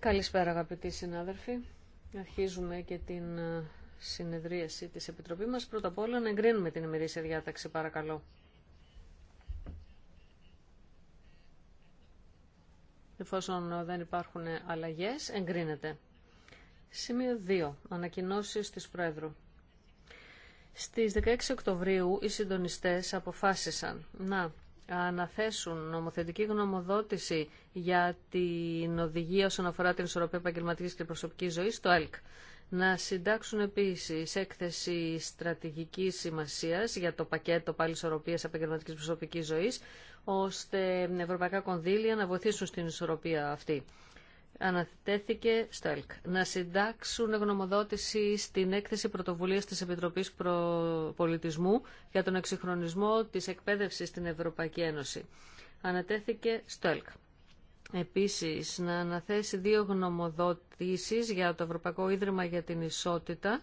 Καλησπέρα αγαπητοί συνάδελφοι. Αρχίζουμε και την ε, συνεδρίαση της Επιτροπής μας. Πρώτα απ' όλα να εγκρίνουμε την ημερήσια διάταξη παρακαλώ. Εφόσον ε, δεν υπάρχουν αλλαγές, εγκρίνεται. Σημείο 2. Ανακοινώσεις της Πρόεδρου. Στις 16 Οκτωβρίου οι συντονιστές αποφάσισαν να να θέσουν νομοθετική γνωμοδότηση για την οδηγία όσον αφορά την ισορροπία επαγγελματική και προσωπική ζωή στο ΕΛΚ. Να συντάξουν επίση έκθεση στρατηγική σημασία για το πακέτο πάλι ισορροπία επαγγελματική προσωπική ζωή, ώστε ευρωπαϊκά κονδύλια να βοηθήσουν στην ισορροπία αυτή. Ανατέθηκε στο ΕΛΚ να συντάξουν γνωμοδότηση στην έκθεση πρωτοβουλία της Επιτροπής Πολιτισμού για τον εξυγχρονισμό της εκπαίδευση στην Ευρωπαϊκή Ένωση. Ανατέθηκε στο ΕΛΚ. Επίσης, να αναθέσει δύο γνωμοδότησεις για το Ευρωπαϊκό Ίδρυμα για την Ισότητα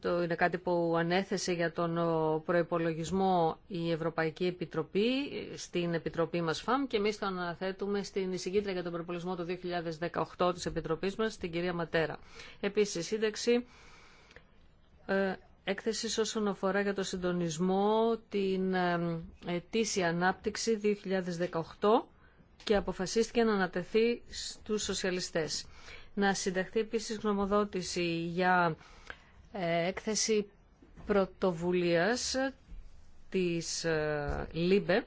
το είναι κάτι που ανέθεσε για τον προϋπολογισμό η Ευρωπαϊκή Επιτροπή στην Επιτροπή μας ΦΑΜ και εμείς το αναθέτουμε στην εισηγήτρια για τον προϋπολογισμό του 2018 της Επιτροπής μας, την κυρία Ματέρα. Επίσης, σύνταξη ε, έκθεση όσον αφορά για το συντονισμό την ε, ετήσια ανάπτυξη 2018 και αποφασίστηκε να ανατεθεί στους σοσιαλιστές. Να συνταχθεί επίσης γνωμοδότηση για ε, έκθεση πρωτοβουλίας της ε, ΛΥΜΠΕ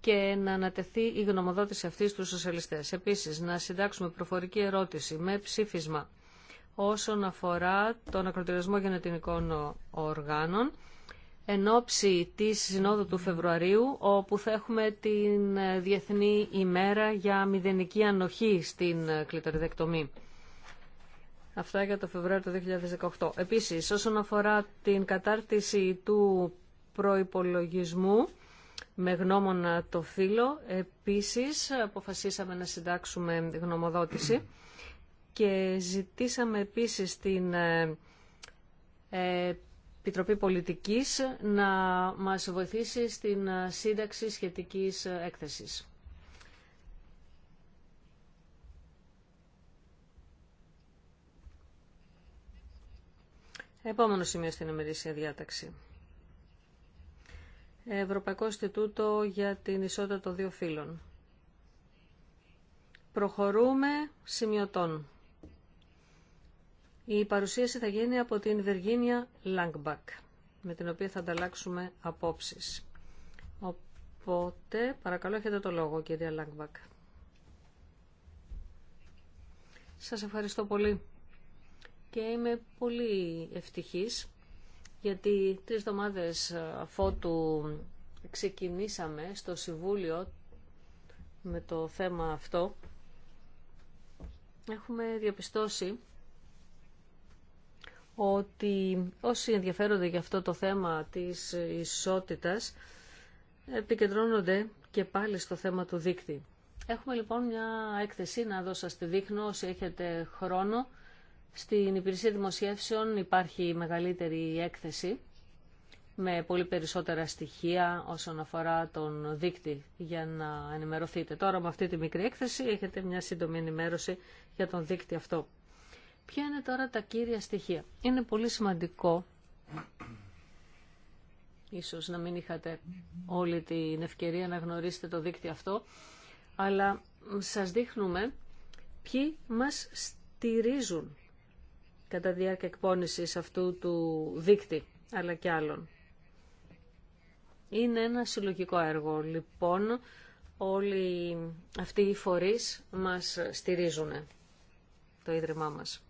και να ανατεθεί η γνωμοδότηση αυτή στους σοσιαλιστές. Επίσης, να συντάξουμε προφορική ερώτηση με ψήφισμα όσον αφορά τον ακροτηριασμό γενετικών οργάνων εν ώψη της Συνόδου του Φεβρουαρίου, όπου θα έχουμε την Διεθνή ημέρα για μηδενική ανοχή στην κλητοριδεκτομή. Αυτά για το Φεβρουάριο του 2018. Επίσης, όσον αφορά την κατάρτιση του προϋπολογισμού με γνώμονα το φύλλο, επίσης αποφασίσαμε να συντάξουμε γνωμοδότηση και ζητήσαμε επίσης την ε, Επιτροπή Πολιτικής να μας βοηθήσει στην ε, σύνταξη σχετικής έκθεσης. Επόμενο σημείο στην ημερήσια διάταξη. Ευρωπαϊκό Ινστιτούτο για την Ισότητα των Δύο Φύλων. Προχωρούμε σημειωτών. Η παρουσίαση θα γίνει από την Βεργίνια Λάγκμπακ, με την οποία θα ανταλλάξουμε απόψεις. Οπότε, παρακαλώ, έχετε το λόγο, κυρία Λάγκμπακ. Σας ευχαριστώ πολύ και είμαι πολύ ευτυχής γιατί τρεις εβδομάδες ε, αφότου ξεκινήσαμε στο Συμβούλιο με το θέμα αυτό έχουμε διαπιστώσει ότι όσοι ενδιαφέρονται για αυτό το θέμα της ισότητας επικεντρώνονται και πάλι στο θέμα του δίκτυ. Έχουμε λοιπόν μια έκθεση να δώσω στη δείχνω όσοι έχετε χρόνο στην υπηρεσία δημοσιεύσεων υπάρχει μεγαλύτερη έκθεση με πολύ περισσότερα στοιχεία όσον αφορά τον δίκτυ για να ενημερωθείτε. Τώρα με αυτή τη μικρή έκθεση έχετε μια σύντομη ενημέρωση για τον δίκτυ αυτό. Ποια είναι τώρα τα κύρια στοιχεία. Είναι πολύ σημαντικό, ίσως να μην είχατε όλη την ευκαιρία να γνωρίσετε το δίκτυ αυτό, αλλά σας δείχνουμε ποιοι μας στηρίζουν κατά διάρκεια εκπόνησης αυτού του δίκτυ, αλλά και άλλων. Είναι ένα συλλογικό έργο, λοιπόν, όλοι αυτοί οι φορείς μας στηρίζουν το Ίδρυμά μας.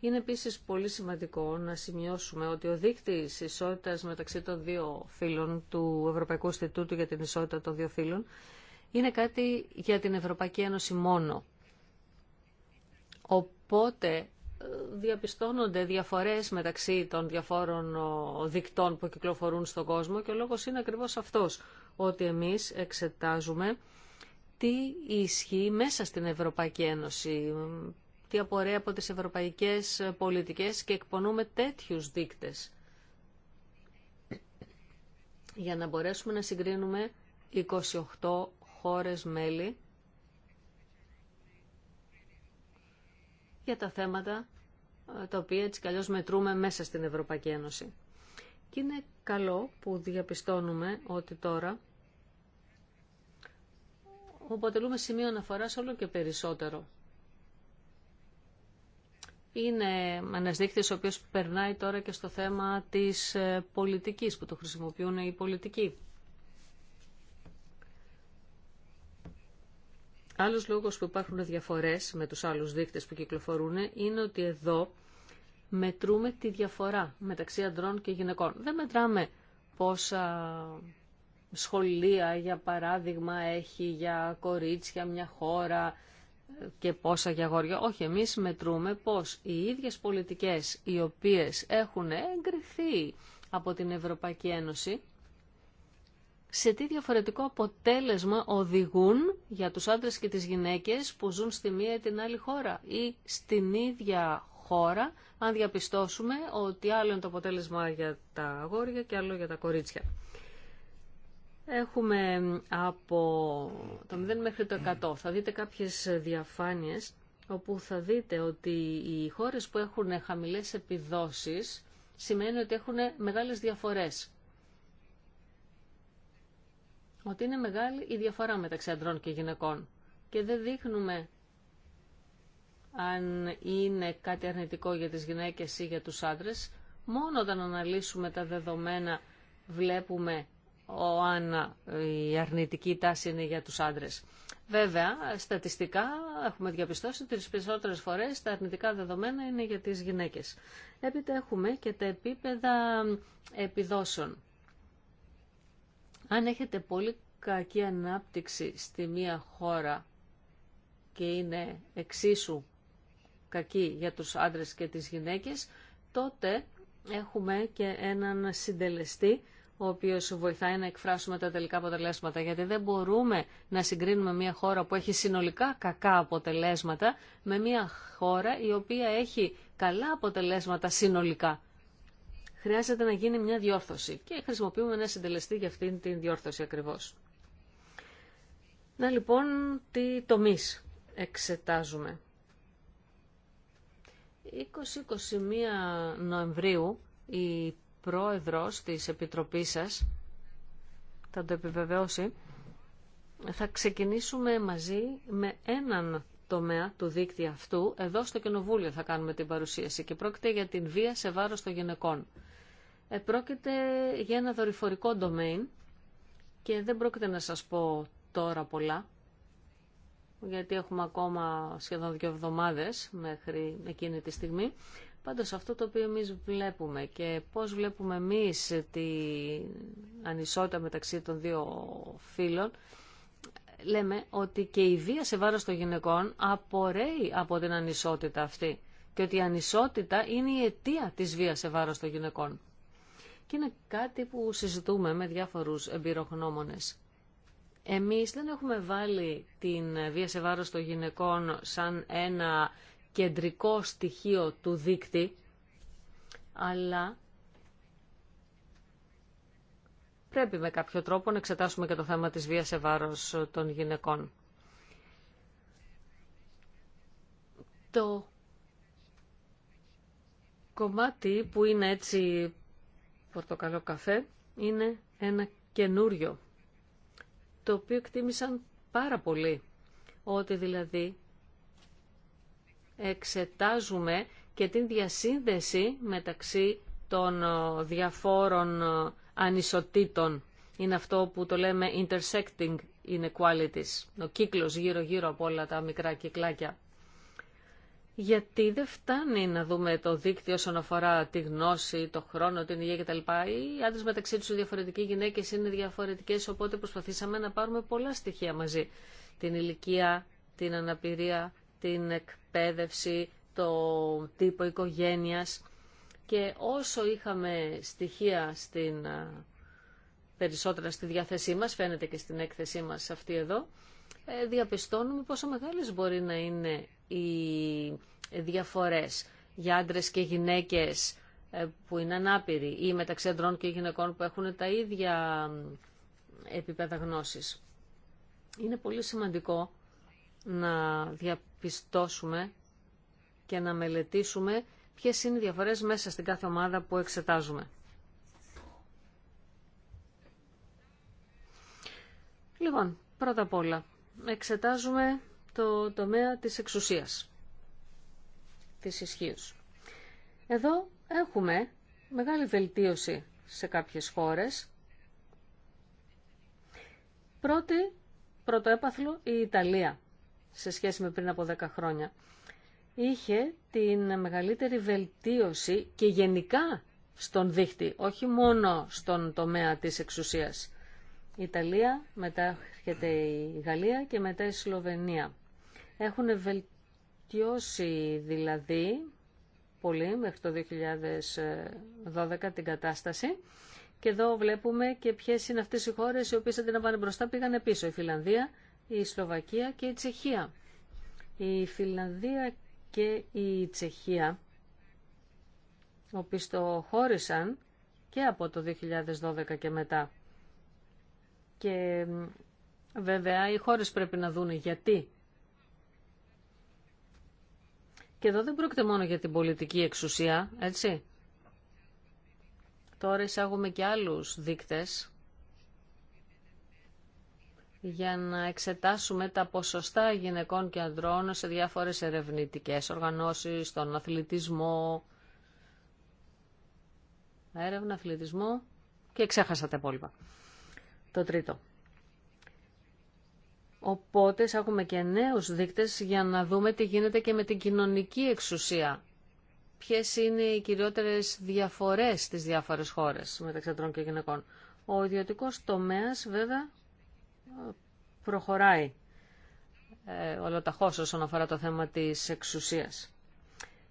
Είναι επίσης πολύ σημαντικό να σημειώσουμε ότι ο δείκτης ισότητας μεταξύ των δύο φύλων του Ευρωπαϊκού Στιτούτου για την Ισότητα των Δύο Φύλων είναι κάτι για την Ευρωπαϊκή Ένωση μόνο. Οπότε διαπιστώνονται διαφορές μεταξύ των διαφόρων δικτών που κυκλοφορούν στον κόσμο και ο λόγος είναι ακριβώς αυτός, ότι εμείς εξετάζουμε τι ισχύει μέσα στην Ευρωπαϊκή Ένωση, τι απορρέει από τις ευρωπαϊκές πολιτικές και εκπονούμε τέτοιους δείκτες για να μπορέσουμε να συγκρίνουμε 28 χώρες μέλη για τα θέματα ε, τα οποία έτσι καλώς μετρούμε μέσα στην Ευρωπαϊκή Ένωση. Και είναι καλό που διαπιστώνουμε ότι τώρα αποτελούμε σημείο αναφοράς όλο και περισσότερο. Είναι ένα δείκτης ο οποίος περνάει τώρα και στο θέμα της ε, πολιτικής που το χρησιμοποιούν οι πολιτικοί. Άλλος λόγος που υπάρχουν διαφορές με τους άλλους δείκτε που κυκλοφορούν είναι ότι εδώ μετρούμε τη διαφορά μεταξύ ανδρών και γυναικών. Δεν μετράμε πόσα σχολεία, για παράδειγμα, έχει για κορίτσια μια χώρα και πόσα για αγόρια. Όχι, εμείς μετρούμε πως οι ίδιες πολιτικές οι οποίες έχουν εγκριθεί από την Ευρωπαϊκή Ένωση σε τι διαφορετικό αποτέλεσμα οδηγούν για τους άντρες και τις γυναίκες που ζουν στη μία ή την άλλη χώρα ή στην ίδια χώρα, αν διαπιστώσουμε ότι άλλο είναι το αποτέλεσμα για τα αγόρια και άλλο για τα κορίτσια. Έχουμε από το 0 μέχρι το 100. Θα δείτε κάποιες διαφάνειες όπου θα δείτε ότι οι χώρες που έχουν χαμηλές επιδόσεις σημαίνει ότι έχουν μεγάλες διαφορές ότι είναι μεγάλη η διαφορά μεταξύ αντρών και γυναικών και δεν δείχνουμε αν είναι κάτι αρνητικό για τις γυναίκες ή για τους άντρες. Μόνο όταν αναλύσουμε τα δεδομένα βλέπουμε αν η αρνητική τάση είναι για τους άντρες. Βέβαια, στατιστικά έχουμε διαπιστώσει ότι τις περισσότερες φορές τα αρνητικά δεδομένα είναι για τις γυναίκες. Έπειτα έχουμε και τα επίπεδα επιδόσεων. Αν έχετε πολύ κακή ανάπτυξη στη μία χώρα και είναι εξίσου κακή για τους άντρες και τις γυναίκες, τότε έχουμε και έναν συντελεστή ο οποίος βοηθάει να εκφράσουμε τα τελικά αποτελέσματα. Γιατί δεν μπορούμε να συγκρίνουμε μια χώρα που έχει συνολικά κακά αποτελέσματα με μια χώρα η οποία έχει καλά αποτελέσματα συνολικά χρειάζεται να γίνει μια διόρθωση και χρησιμοποιούμε ένα συντελεστή για αυτήν την διόρθωση ακριβώς. Να λοιπόν τι τομείς εξετάζουμε. 20-21 Νοεμβρίου η πρόεδρος της Επιτροπής σας θα το επιβεβαιώσει θα ξεκινήσουμε μαζί με έναν τομέα του δίκτυα αυτού εδώ στο Κοινοβούλιο θα κάνουμε την παρουσίαση και πρόκειται για την βία σε βάρος των γυναικών. Ε, πρόκειται για ένα δορυφορικό domain και δεν πρόκειται να σας πω τώρα πολλά, γιατί έχουμε ακόμα σχεδόν δύο εβδομάδες μέχρι εκείνη τη στιγμή. Πάντως αυτό το οποίο εμείς βλέπουμε και πώς βλέπουμε εμείς την ανισότητα μεταξύ των δύο φίλων λέμε ότι και η βία σε βάρος των γυναικών απορρέει από την ανισότητα αυτή και ότι η ανισότητα είναι η αιτία της βίας σε βάρος των γυναικών και είναι κάτι που συζητούμε με διάφορους εμπειρογνώμονες. Εμείς δεν έχουμε βάλει την βία σε βάρος των γυναικών σαν ένα κεντρικό στοιχείο του δίκτυ, αλλά πρέπει με κάποιο τρόπο να εξετάσουμε και το θέμα της βίας σε βάρος των γυναικών. Το κομμάτι που είναι έτσι πορτοκαλό καφέ είναι ένα καινούριο, το οποίο εκτίμησαν πάρα πολύ. Ότι δηλαδή εξετάζουμε και την διασύνδεση μεταξύ των ε, διαφόρων ε, ανισοτήτων. Είναι αυτό που το λέμε intersecting inequalities, ο κύκλος γύρω-γύρω από όλα τα μικρά κυκλάκια γιατί δεν φτάνει να δούμε το δίκτυο όσον αφορά τη γνώση, το χρόνο, την υγεία κτλ. Οι άντρε μεταξύ του διαφορετικοί, οι γυναίκε είναι διαφορετικέ, οπότε προσπαθήσαμε να πάρουμε πολλά στοιχεία μαζί. Την ηλικία, την αναπηρία, την εκπαίδευση, το τύπο οικογένειας. Και όσο είχαμε στοιχεία στην, περισσότερα στη διάθεσή μας, φαίνεται και στην έκθεσή μας αυτή εδώ, ε, διαπιστώνουμε πόσο μεγάλες μπορεί να είναι οι διαφορές για άντρες και γυναίκες ε, που είναι ανάπηροι ή μεταξύ αντρών και γυναικών που έχουν τα ίδια επίπεδα γνώσης. Είναι πολύ σημαντικό να διαπιστώσουμε και να μελετήσουμε ποιες είναι οι διαφορές μέσα στην κάθε ομάδα που εξετάζουμε. Λοιπόν, πρώτα απ' όλα, εξετάζουμε το τομέα της εξουσίας, της ισχύω. Εδώ έχουμε μεγάλη βελτίωση σε κάποιες χώρες. Πρώτη, πρώτο έπαθλο, η Ιταλία, σε σχέση με πριν από 10 χρόνια. Είχε την μεγαλύτερη βελτίωση και γενικά στον δίχτυ, όχι μόνο στον τομέα της εξουσίας. Ιταλία, μετά έρχεται η Γαλλία και μετά η Σλοβενία. Έχουν βελτιώσει δηλαδή πολύ μέχρι το 2012 την κατάσταση. Και εδώ βλέπουμε και ποιε είναι αυτές οι χώρες οι οποίες αντί να πάνε μπροστά πήγαν πίσω. Η Φιλανδία, η Σλοβακία και η Τσεχία. Η Φιλανδία και η Τσεχία οπισθοχώρησαν και από το 2012 και μετά. Και βέβαια οι χώρες πρέπει να δούνε γιατί. Και εδώ δεν πρόκειται μόνο για την πολιτική εξουσία, έτσι. Τώρα εισάγουμε και άλλους δείκτες για να εξετάσουμε τα ποσοστά γυναικών και ανδρών σε διάφορες ερευνητικές οργανώσεις, στον αθλητισμό, έρευνα, αθλητισμό και ξέχασα τα υπόλοιπα το τρίτο. Οπότε έχουμε και νέους δείκτες για να δούμε τι γίνεται και με την κοινωνική εξουσία. Ποιες είναι οι κυριότερες διαφορές στις διάφορες χώρες μεταξύ αντρών και γυναικών. Ο ιδιωτικός τομέας βέβαια προχωράει ε, ολοταχώς όσον αφορά το θέμα της εξουσίας.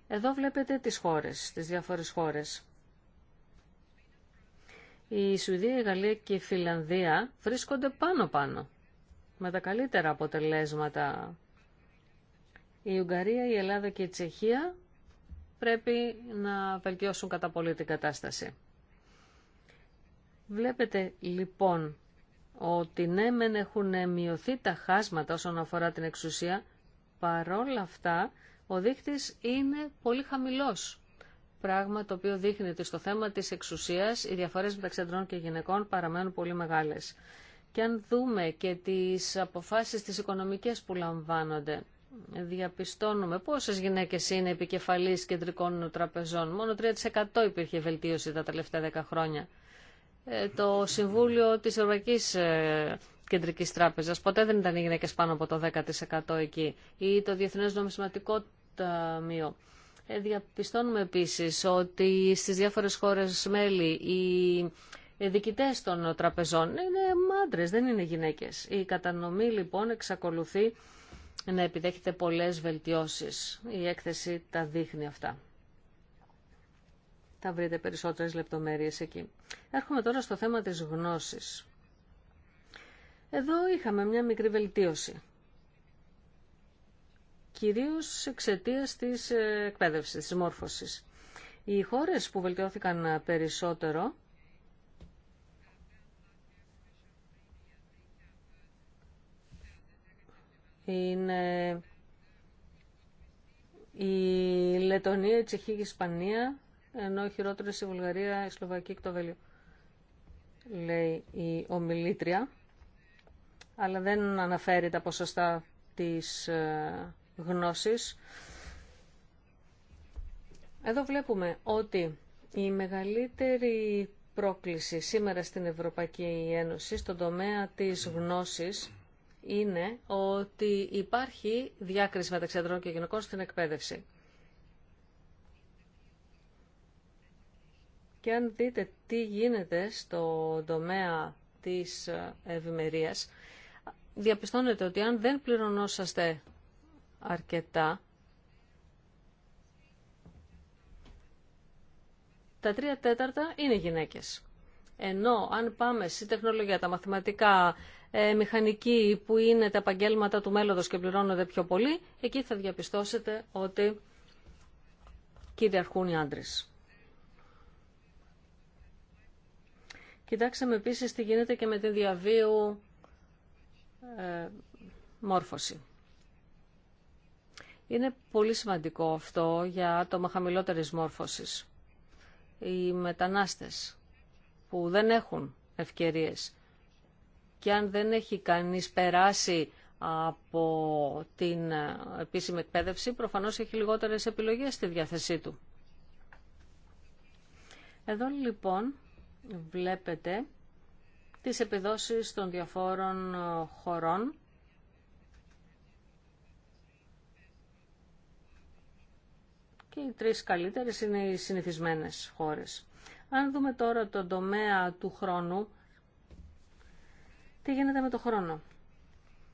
Εδώ βλέπετε τις χώρες, τις διάφορες χώρες η Σουηδία, η Γαλλία και η Φιλανδία βρίσκονται πάνω-πάνω με τα καλύτερα αποτελέσματα. Η Ουγγαρία, η Ελλάδα και η Τσεχία πρέπει να βελτιώσουν κατά πολύ την κατάσταση. Βλέπετε λοιπόν ότι ναι μεν έχουν μειωθεί τα χάσματα όσον αφορά την εξουσία, παρόλα αυτά ο δείχτης είναι πολύ χαμηλός πράγμα το οποίο δείχνει ότι στο θέμα της εξουσίας οι διαφορές μεταξύ ανδρών και γυναικών παραμένουν πολύ μεγάλες. Και αν δούμε και τις αποφάσεις τις οικονομικές που λαμβάνονται, διαπιστώνουμε πόσες γυναίκες είναι επικεφαλής κεντρικών τραπεζών. Μόνο 3% υπήρχε βελτίωση τα τελευταία 10 χρόνια. Ε, το Συμβούλιο της Ευρωπαϊκής ε, Κεντρικής Τράπεζας ποτέ δεν ήταν οι γυναίκες πάνω από το 10% εκεί. Ή το Διεθνές Νομισματικό Ταμείο. Ε, διαπιστώνουμε επίσης ότι στις διάφορες χώρες μέλη οι διοικητές των τραπεζών είναι άντρες, δεν είναι γυναίκες. Η κατανομή λοιπόν εξακολουθεί να επιδέχεται πολλές βελτιώσεις. Η έκθεση τα δείχνει αυτά. Θα βρείτε περισσότερες λεπτομέρειες εκεί. Έρχομαι τώρα στο θέμα της γνώσης. Εδώ είχαμε μια μικρή βελτίωση κυρίως εξαιτία της ε, εκπαίδευσης, της μόρφωσης. Οι χώρες που βελτιώθηκαν ε, περισσότερο είναι η Λετωνία, η Τσεχή, η Ισπανία, ενώ χειρότερες η Βουλγαρία, η Σλοβακία και το Βέλιο. Λέει η ομιλήτρια, αλλά δεν αναφέρει τα ποσοστά της ε, γνώσης. Εδώ βλέπουμε ότι η μεγαλύτερη πρόκληση σήμερα στην Ευρωπαϊκή Ένωση στον τομέα της γνώσης είναι ότι υπάρχει διάκριση μεταξύ ανδρών και γυναικών στην εκπαίδευση. Και αν δείτε τι γίνεται στο τομέα της ευημερίας, διαπιστώνετε ότι αν δεν πληρωνόσαστε αρκετά. Τα τρία τέταρτα είναι γυναίκες. Ενώ αν πάμε στη τεχνολογία, τα μαθηματικά, ε, μηχανική που είναι τα επαγγέλματα του μέλλοντος και πληρώνονται πιο πολύ, εκεί θα διαπιστώσετε ότι κυριαρχούν οι άντρες. Κοιτάξαμε επίσης τι γίνεται και με τη διαβίου ε, μόρφωση. Είναι πολύ σημαντικό αυτό για άτομα χαμηλότερης μόρφωσης. Οι μετανάστες που δεν έχουν ευκαιρίες και αν δεν έχει κανείς περάσει από την επίσημη εκπαίδευση, προφανώς έχει λιγότερες επιλογές στη διάθεσή του. Εδώ λοιπόν βλέπετε τις επιδόσεις των διαφόρων χωρών και οι τρεις καλύτερες είναι οι συνηθισμένες χώρες. Αν δούμε τώρα τον τομέα του χρόνου, τι γίνεται με το χρόνο.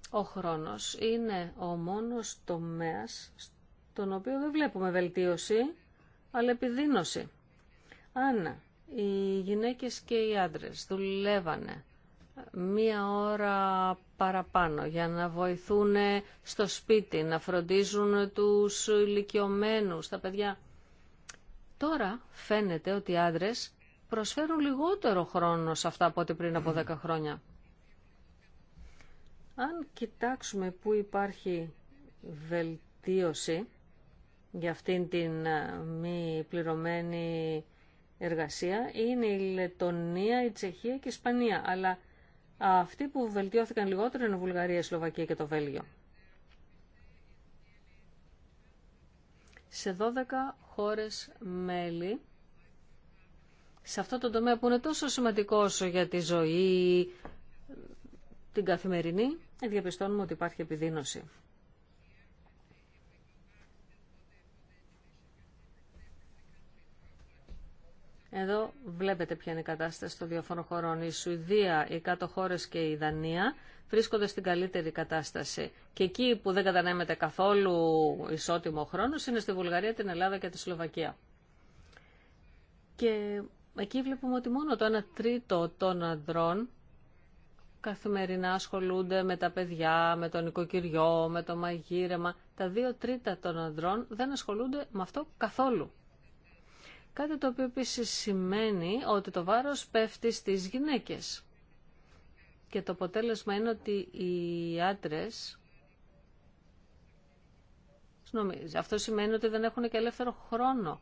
Ο χρόνος είναι ο μόνος τομέας στον οποίο δεν βλέπουμε βελτίωση, αλλά επιδείνωση. Αν οι γυναίκες και οι άντρες δουλεύανε μία ώρα παραπάνω για να βοηθούν στο σπίτι, να φροντίζουν τους ηλικιωμένους, τα παιδιά. Τώρα φαίνεται ότι οι άντρες προσφέρουν λιγότερο χρόνο σε αυτά από ό,τι πριν από 10 χρόνια. Αν κοιτάξουμε πού υπάρχει βελτίωση για αυτήν την ε, μη πληρωμένη εργασία, είναι η Λετωνία, η Τσεχία και η Ισπανία. Αλλά αυτοί που βελτιώθηκαν λιγότερο είναι η Βουλγαρία, η Σλοβακία και το Βέλγιο. Σε 12 χώρες μέλη, σε αυτό το τομέα που είναι τόσο σημαντικό για τη ζωή, την καθημερινή, διαπιστώνουμε ότι υπάρχει επιδείνωση. Εδώ βλέπετε ποια είναι η κατάσταση των διαφόρων χωρών. Η Σουηδία, οι κάτω χώρε και η Δανία βρίσκονται στην καλύτερη κατάσταση. Και εκεί που δεν κατανέμεται καθόλου ισότιμο χρόνο είναι στη Βουλγαρία, την Ελλάδα και τη Σλοβακία. Και εκεί βλέπουμε ότι μόνο το 1 τρίτο των ανδρών καθημερινά ασχολούνται με τα παιδιά, με το νοικοκυριό, με το μαγείρεμα. Τα δύο τρίτα των ανδρών δεν ασχολούνται με αυτό καθόλου. Κάτι το οποίο επίση σημαίνει ότι το βάρος πέφτει στις γυναίκες. Και το αποτέλεσμα είναι ότι οι άντρες... Αυτό σημαίνει ότι δεν έχουν και ελεύθερο χρόνο.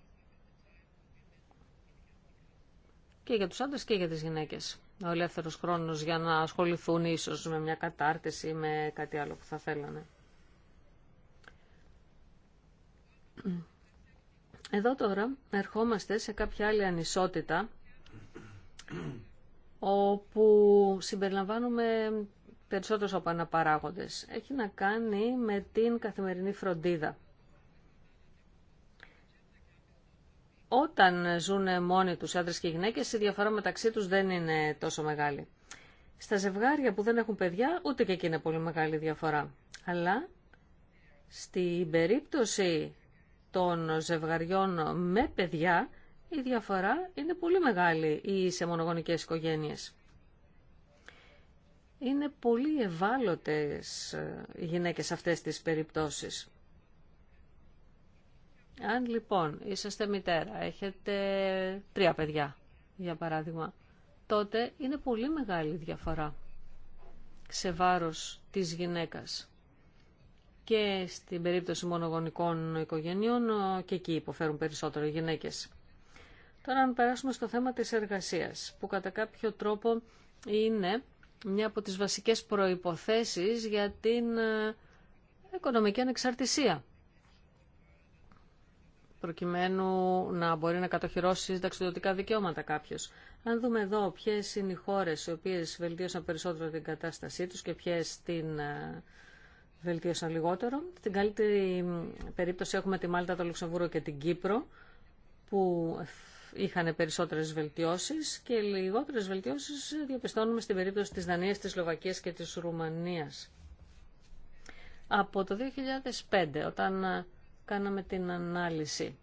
Και για τους άντρες και για τις γυναίκες. Ο ελεύθερος χρόνος για να ασχοληθούν ίσως με μια κατάρτιση ή με κάτι άλλο που θα θέλανε. Εδώ τώρα ερχόμαστε σε κάποια άλλη ανισότητα όπου συμπεριλαμβάνουμε περισσότερους από αναπαράγοντες. Έχει να κάνει με την καθημερινή φροντίδα. Όταν ζουν μόνοι τους άντρες και γυναίκες, η διαφορά μεταξύ τους δεν είναι τόσο μεγάλη. Στα ζευγάρια που δεν έχουν παιδιά, ούτε και εκεί είναι πολύ μεγάλη διαφορά. Αλλά στην περίπτωση των ζευγαριών με παιδιά, η διαφορά είναι πολύ μεγάλη ή σε μονογονικές οικογένειες. Είναι πολύ ευάλωτες ε, οι γυναίκες αυτές τις περιπτώσεις. Αν λοιπόν είσαστε μητέρα, έχετε τρία παιδιά, για παράδειγμα, τότε είναι πολύ μεγάλη διαφορά σε βάρος της γυναίκας και στην περίπτωση μονογονικών οικογενειών ε, και εκεί υποφέρουν περισσότερο οι γυναίκες. Τώρα να περάσουμε στο θέμα της εργασίας, που κατά κάποιο τρόπο είναι μια από τις βασικές προϋποθέσεις για την ε, οικονομική ανεξαρτησία προκειμένου να μπορεί να κατοχυρώσει συνταξιδοτικά δικαιώματα κάποιος. Αν δούμε εδώ ποιες είναι οι χώρες οι οποίες βελτίωσαν περισσότερο την κατάστασή τους και ποιες την ε, βελτίωσαν λιγότερο. Στην καλύτερη περίπτωση έχουμε τη Μάλτα, το Λουξεμβούργο και την Κύπρο που είχαν περισσότερες βελτιώσεις και λιγότερες βελτιώσεις διαπιστώνουμε στην περίπτωση της Δανίας, της Σλοβακίας και της Ρουμανίας. Από το 2005 όταν κάναμε την ανάλυση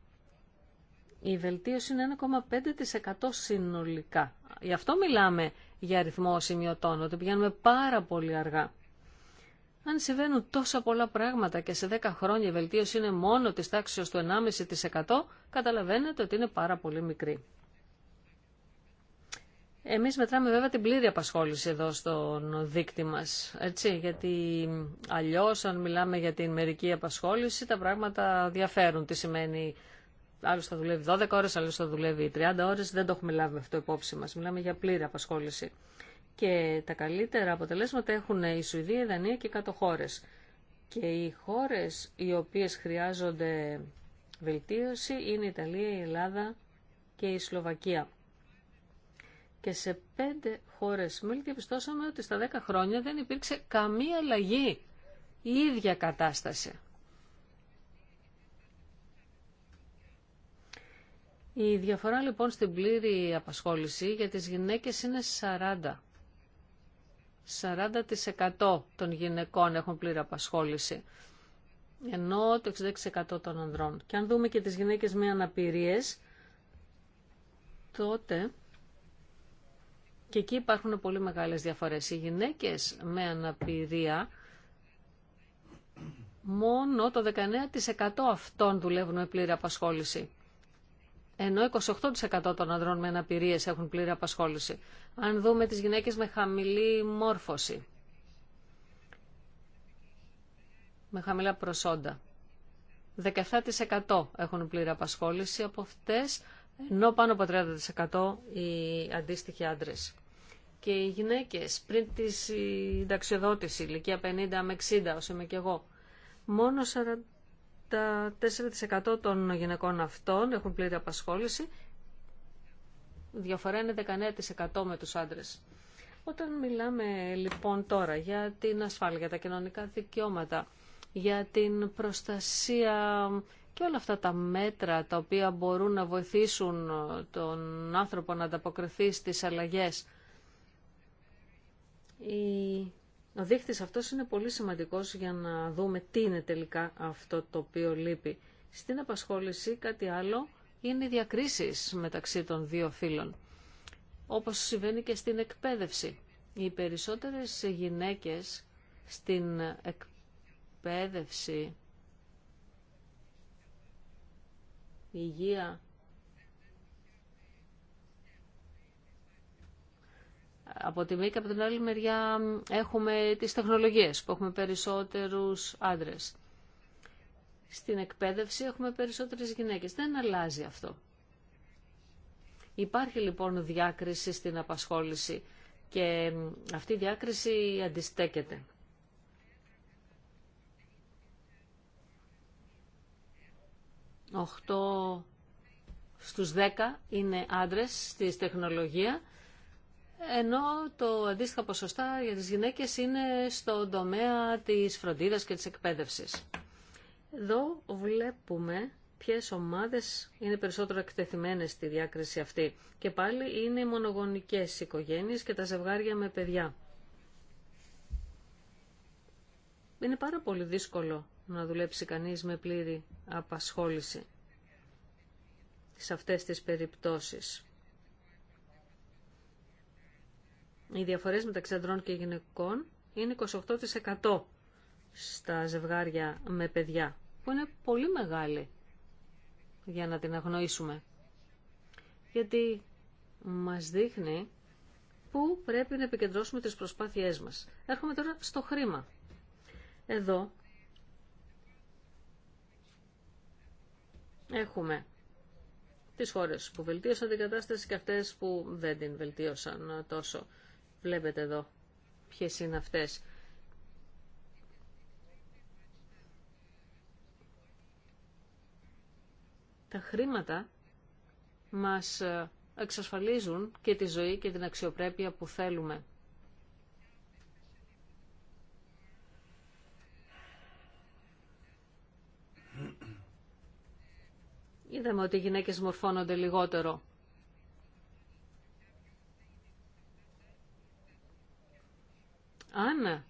η βελτίωση είναι 1,5% συνολικά. Γι' αυτό μιλάμε για αριθμό σημειωτών, ότι πηγαίνουμε πάρα πολύ αργά. Αν συμβαίνουν τόσα πολλά πράγματα και σε 10 χρόνια η βελτίωση είναι μόνο της τάξης του 1,5% καταλαβαίνετε ότι είναι πάρα πολύ μικρή. Εμείς μετράμε βέβαια την πλήρη απασχόληση εδώ στον δίκτυ μας, έτσι, γιατί αλλιώς αν μιλάμε για την μερική απασχόληση τα πράγματα διαφέρουν. Τι σημαίνει Άλλο θα δουλεύει 12 ώρε, άλλο θα δουλεύει 30 ώρε δεν το έχουμε λάβει αυτό υπόψη μα. Μιλάμε για πλήρη απασχόληση. Και τα καλύτερα αποτελέσματα έχουν η Σουηδία, η Δανία και οι κάτω χώρες. Και οι χώρες οι οποίες χρειάζονται βελτίωση είναι η Ιταλία, η Ελλάδα και η Σλοβακία. Και σε πέντε χώρες μέλη διαπιστώσαμε ότι στα δέκα χρόνια δεν υπήρξε καμία αλλαγή. Η ίδια κατάσταση. Η διαφορά λοιπόν στην πλήρη απασχόληση για τις γυναίκες είναι 40 40% των γυναικών έχουν πλήρη απασχόληση, ενώ το 66% των ανδρών. Και αν δούμε και τις γυναίκες με αναπηρίες, τότε και εκεί υπάρχουν πολύ μεγάλες διαφορές. Οι γυναίκες με αναπηρία, μόνο το 19% αυτών δουλεύουν με πλήρη απασχόληση ενώ 28% των ανδρών με αναπηρίες έχουν πλήρη απασχόληση. Αν δούμε τις γυναίκες με χαμηλή μόρφωση, με χαμηλά προσόντα, 17% έχουν πλήρη απασχόληση από αυτές, ενώ πάνω από 30% οι αντίστοιχοι άντρες. Και οι γυναίκες πριν τη συνταξιοδότηση, ηλικία 50 με 60, όσο είμαι και εγώ, μόνο τα 4% των γυναικών αυτών έχουν πλήρη απασχόληση. Διαφορά είναι 19% με τους άντρες. Όταν μιλάμε λοιπόν τώρα για την ασφάλεια, για τα κοινωνικά δικαιώματα, για την προστασία και όλα αυτά τα μέτρα τα οποία μπορούν να βοηθήσουν τον άνθρωπο να ανταποκριθεί στις αλλαγές. Η ο δείχτης αυτός είναι πολύ σημαντικός για να δούμε τι είναι τελικά αυτό το οποίο λείπει. Στην απασχόληση κάτι άλλο είναι οι διακρίσεις μεταξύ των δύο φύλων. Όπως συμβαίνει και στην εκπαίδευση. Οι περισσότερες γυναίκες στην εκπαίδευση, υγεία από τη μία και από την άλλη μεριά έχουμε τις τεχνολογίες που έχουμε περισσότερους άντρες. Στην εκπαίδευση έχουμε περισσότερες γυναίκες. Δεν αλλάζει αυτό. Υπάρχει λοιπόν διάκριση στην απασχόληση και αυτή η διάκριση αντιστέκεται. Οχτώ στους δέκα είναι άντρες στη τεχνολογία ενώ το αντίστοιχο ποσοστά για τις γυναίκες είναι στον τομέα της φροντίδας και της εκπαίδευσης. Εδώ βλέπουμε ποιες ομάδες είναι περισσότερο εκτεθειμένες στη διάκριση αυτή. Και πάλι είναι οι μονογονικές οικογένειες και τα ζευγάρια με παιδιά. Είναι πάρα πολύ δύσκολο να δουλέψει κανείς με πλήρη απασχόληση σε αυτές τις περιπτώσεις. οι διαφορές μεταξύ ανδρών και γυναικών είναι 28% στα ζευγάρια με παιδιά, που είναι πολύ μεγάλη για να την αγνοήσουμε. Γιατί μας δείχνει πού πρέπει να επικεντρώσουμε τις προσπάθειές μας. Έρχομαι τώρα στο χρήμα. Εδώ έχουμε τις χώρες που βελτίωσαν την κατάσταση και αυτές που δεν την βελτίωσαν τόσο. Βλέπετε εδώ ποιες είναι αυτές. Τα χρήματα μας ε, εξασφαλίζουν και τη ζωή και την αξιοπρέπεια που θέλουμε. Είδαμε ότι οι γυναίκες μορφώνονται λιγότερο Αν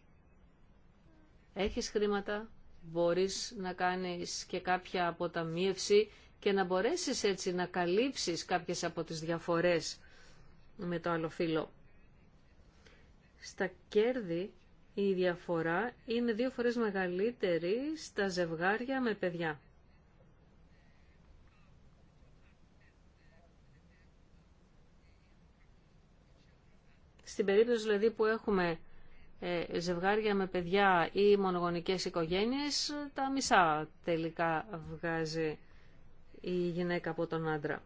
έχεις χρήματα, μπορείς να κάνεις και κάποια αποταμίευση και να μπορέσεις έτσι να καλύψεις κάποιες από τις διαφορές με το άλλο φύλλο. Στα κέρδη η διαφορά είναι δύο φορές μεγαλύτερη στα ζευγάρια με παιδιά. Στην περίπτωση δηλαδή που έχουμε ε, ζευγάρια με παιδιά ή μονογονικές οικογένειες, τα μισά τελικά βγάζει η γυναίκα από τον άντρα.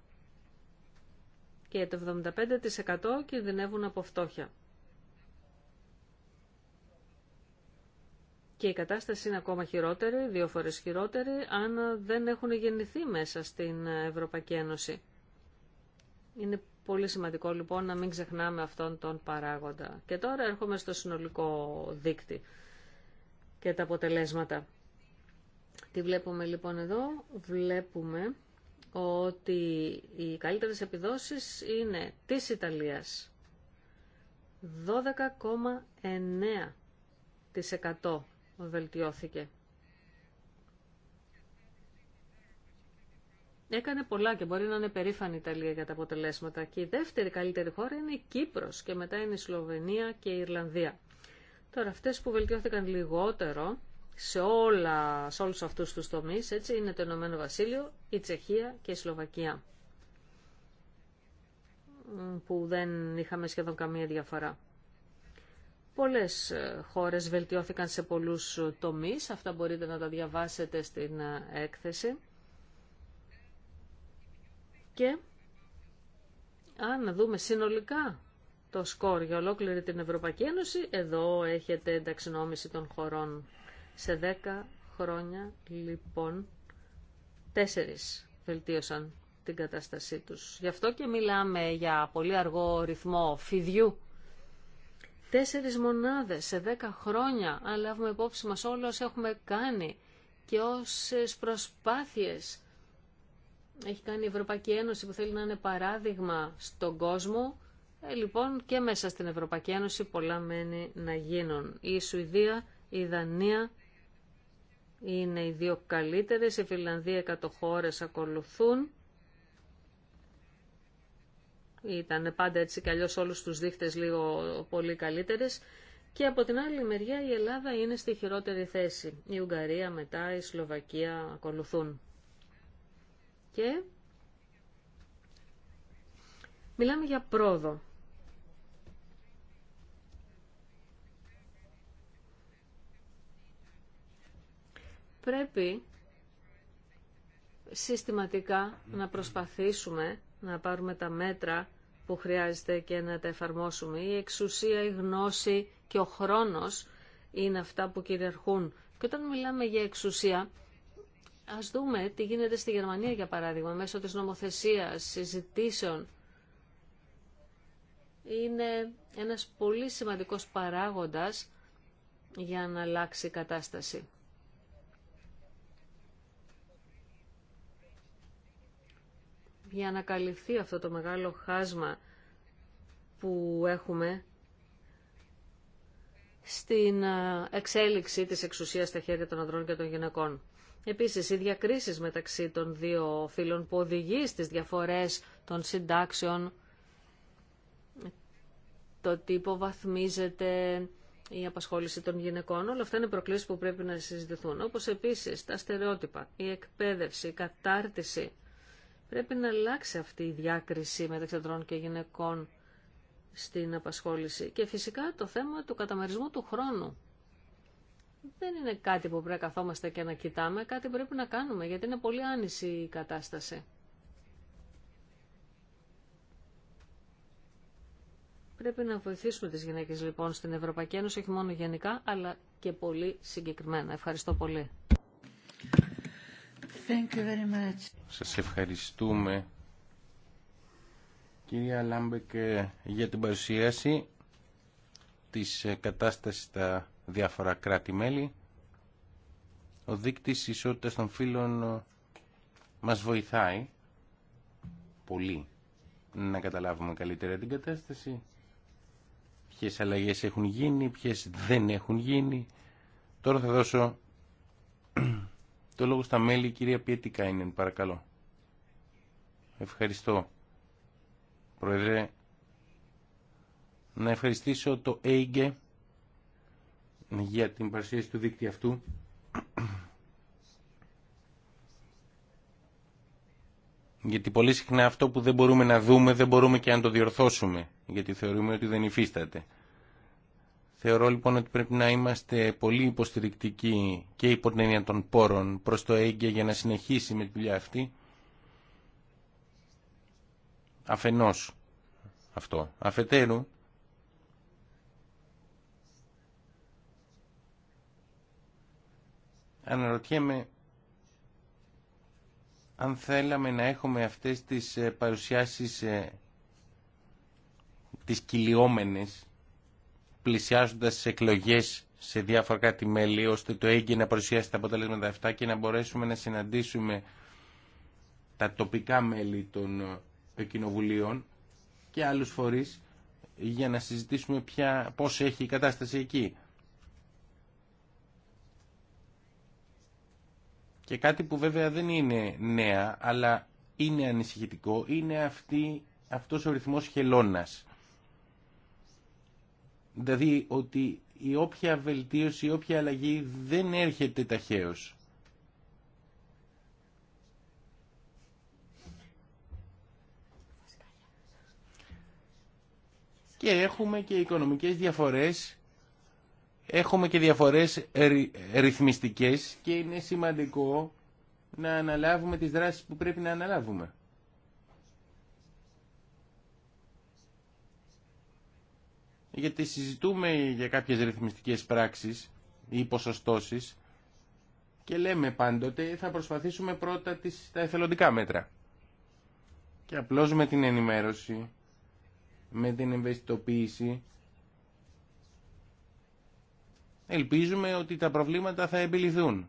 Και το 75% κινδυνεύουν από φτώχεια. Και η κατάσταση είναι ακόμα χειρότερη, δύο φορές χειρότερη, αν δεν έχουν γεννηθεί μέσα στην Ευρωπαϊκή Ένωση. Είναι Πολύ σημαντικό λοιπόν να μην ξεχνάμε αυτόν τον παράγοντα. Και τώρα έρχομαι στο συνολικό δίκτυ και τα αποτελέσματα. Τι βλέπουμε λοιπόν εδώ. Βλέπουμε ότι οι καλύτερες επιδόσεις είναι της Ιταλίας 12,9% βελτιώθηκε Έκανε πολλά και μπορεί να είναι περήφανη η Ιταλία για τα αποτελέσματα. Και η δεύτερη καλύτερη χώρα είναι η Κύπρος και μετά είναι η Σλοβενία και η Ιρλανδία. Τώρα αυτές που βελτιώθηκαν λιγότερο σε, όλα, σε όλους αυτούς τους τομείς έτσι, είναι το Ηνωμένο Βασίλειο, η Τσεχία και η Σλοβακία που δεν είχαμε σχεδόν καμία διαφορά. Πολλές ε, χώρες βελτιώθηκαν σε πολλούς τομείς, αυτά μπορείτε να τα διαβάσετε στην ε, έκθεση. Και αν δούμε συνολικά το σκορ για ολόκληρη την Ευρωπαϊκή Ένωση, εδώ έχετε ενταξινόμηση των χωρών. Σε 10 χρόνια, λοιπόν, τέσσερις βελτίωσαν την κατάστασή τους. Γι' αυτό και μιλάμε για πολύ αργό ρυθμό φιδιού. Τέσσερις μονάδες σε 10 χρόνια, αν λάβουμε υπόψη μας όλα έχουμε κάνει και όσες προσπάθειες έχει κάνει η Ευρωπαϊκή Ένωση που θέλει να είναι παράδειγμα στον κόσμο. Ε, λοιπόν και μέσα στην Ευρωπαϊκή Ένωση πολλά μένει να γίνουν. Η Σουηδία, η Δανία είναι οι δύο καλύτερες, η Φιλανδία 100 χώρες ακολουθούν. Ήταν πάντα έτσι κι αλλιώς όλους τους δείχτες λίγο πολύ καλύτερες. Και από την άλλη μεριά η Ελλάδα είναι στη χειρότερη θέση. Η Ουγγαρία μετά, η Σλοβακία ακολουθούν και μιλάμε για πρόοδο. Πρέπει συστηματικά να προσπαθήσουμε να πάρουμε τα μέτρα που χρειάζεται και να τα εφαρμόσουμε. Η εξουσία, η γνώση και ο χρόνος είναι αυτά που κυριαρχούν. Και όταν μιλάμε για εξουσία, Ας δούμε τι γίνεται στη Γερμανία, για παράδειγμα, μέσω της νομοθεσίας, συζητήσεων. Είναι ένας πολύ σημαντικός παράγοντας για να αλλάξει η κατάσταση. Για να καλυφθεί αυτό το μεγάλο χάσμα που έχουμε στην ε, εξέλιξη της εξουσίας στα χέρια των ανδρών και των γυναικών. Επίσης, οι διακρίσεις μεταξύ των δύο φύλων που οδηγεί στις διαφορές των συντάξεων, το τι υποβαθμίζεται η απασχόληση των γυναικών, όλα αυτά είναι προκλήσεις που πρέπει να συζητηθούν. Όπως επίσης τα στερεότυπα, η εκπαίδευση, η κατάρτιση. Πρέπει να αλλάξει αυτή η διάκριση μεταξύ ανδρών και γυναικών στην απασχόληση. Και φυσικά το θέμα του καταμερισμού του χρόνου δεν είναι κάτι που πρέπει να καθόμαστε και να κοιτάμε, κάτι πρέπει να κάνουμε, γιατί είναι πολύ άνηση η κατάσταση. Πρέπει να βοηθήσουμε τις γυναίκες λοιπόν στην Ευρωπαϊκή Ένωση, όχι μόνο γενικά, αλλά και πολύ συγκεκριμένα. Ευχαριστώ πολύ. Thank you very much. Σας ευχαριστούμε, κυρία Λάμπεκ, ε, για την παρουσίαση της ε, κατάστασης στα διάφορα κράτη-μέλη. Ο δείκτης ισότητας των φύλων ε, μας βοηθάει πολύ να καταλάβουμε καλύτερα την κατάσταση, ποιες αλλαγές έχουν γίνει, ποιες δεν έχουν γίνει. Τώρα θα δώσω το λόγο στα μέλη, Κυρία κυρία είναι, παρακαλώ. Ευχαριστώ, Πρόεδρε. Να ευχαριστήσω το ΕΙΓΕ για την παρουσίαση του δίκτυα αυτού. Γιατί πολύ συχνά αυτό που δεν μπορούμε να δούμε δεν μπορούμε και να το διορθώσουμε, γιατί θεωρούμε ότι δεν υφίσταται. Θεωρώ λοιπόν ότι πρέπει να είμαστε πολύ υποστηρικτικοί και υπό την έννοια των πόρων προς το έγκαιο για να συνεχίσει με τη δουλειά αυτή. Αφενός αυτό. Αφετέρου, αναρωτιέμαι αν θέλαμε να έχουμε αυτές τις ε, παρουσιάσεις ε, τις κυλιόμενες πλησιάζοντας τι εκλογές σε διάφορα κάτι μέλη ώστε το έγκυ να παρουσιάσει τα αποτελέσματα αυτά και να μπορέσουμε να συναντήσουμε τα τοπικά μέλη των ε, κοινοβουλίων και άλλους φορείς για να συζητήσουμε ποια, πώς έχει η κατάσταση εκεί. Και κάτι που βέβαια δεν είναι νέα, αλλά είναι ανησυχητικό, είναι αυτή, αυτός ο ρυθμός χελώνας. Δηλαδή ότι η όποια βελτίωση, η όποια αλλαγή δεν έρχεται ταχαίως. Και έχουμε και οικονομικές διαφορές έχουμε και διαφορές ρυ, ρυθμιστικές και είναι σημαντικό να αναλάβουμε τις δράσεις που πρέπει να αναλάβουμε. Γιατί συζητούμε για κάποιες ρυθμιστικές πράξεις ή ποσοστώσεις και λέμε πάντοτε θα προσπαθήσουμε πρώτα τις, τα εθελοντικά μέτρα. Και απλώς με την ενημέρωση, με την ευαισθητοποίηση ελπίζουμε ότι τα προβλήματα θα επιληθούν.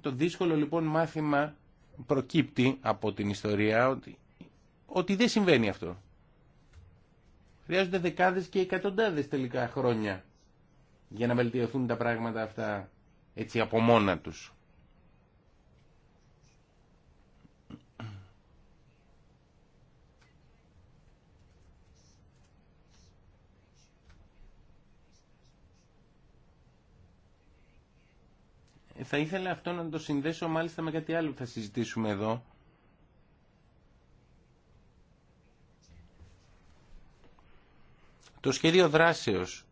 Το δύσκολο λοιπόν μάθημα προκύπτει από την ιστορία ότι, ότι δεν συμβαίνει αυτό. Χρειάζονται δεκάδες και εκατοντάδες τελικά χρόνια για να βελτιωθούν τα πράγματα αυτά έτσι από μόνα τους. θα ήθελα αυτό να το συνδέσω μάλιστα με κάτι άλλο που θα συζητήσουμε εδώ. Το σχέδιο δράσεως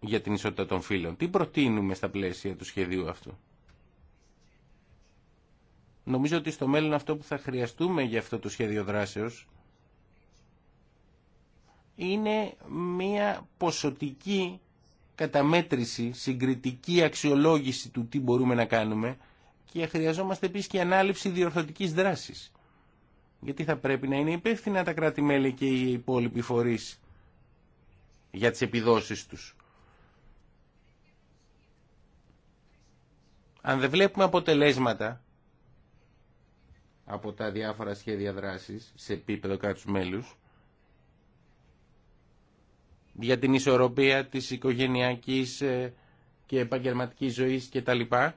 για την ισότητα των φύλων. Τι προτείνουμε στα πλαίσια του σχεδίου αυτού. Νομίζω ότι στο μέλλον αυτό που θα χρειαστούμε για αυτό το σχέδιο δράσεως είναι μία ποσοτική καταμέτρηση, συγκριτική αξιολόγηση του τι μπορούμε να κάνουμε και χρειαζόμαστε επίσης και ανάληψη διορθωτικής δράσης. Γιατί θα πρέπει να είναι υπεύθυνα τα κράτη-μέλη και οι υπόλοιποι φορείς για τις επιδόσεις τους. Αν δεν βλέπουμε αποτελέσματα από τα διάφορα σχέδια δράσης σε επίπεδο κάτους μέλους, για την ισορροπία της οικογενειακής ε, και επαγγελματικής ζωής και τα λοιπά,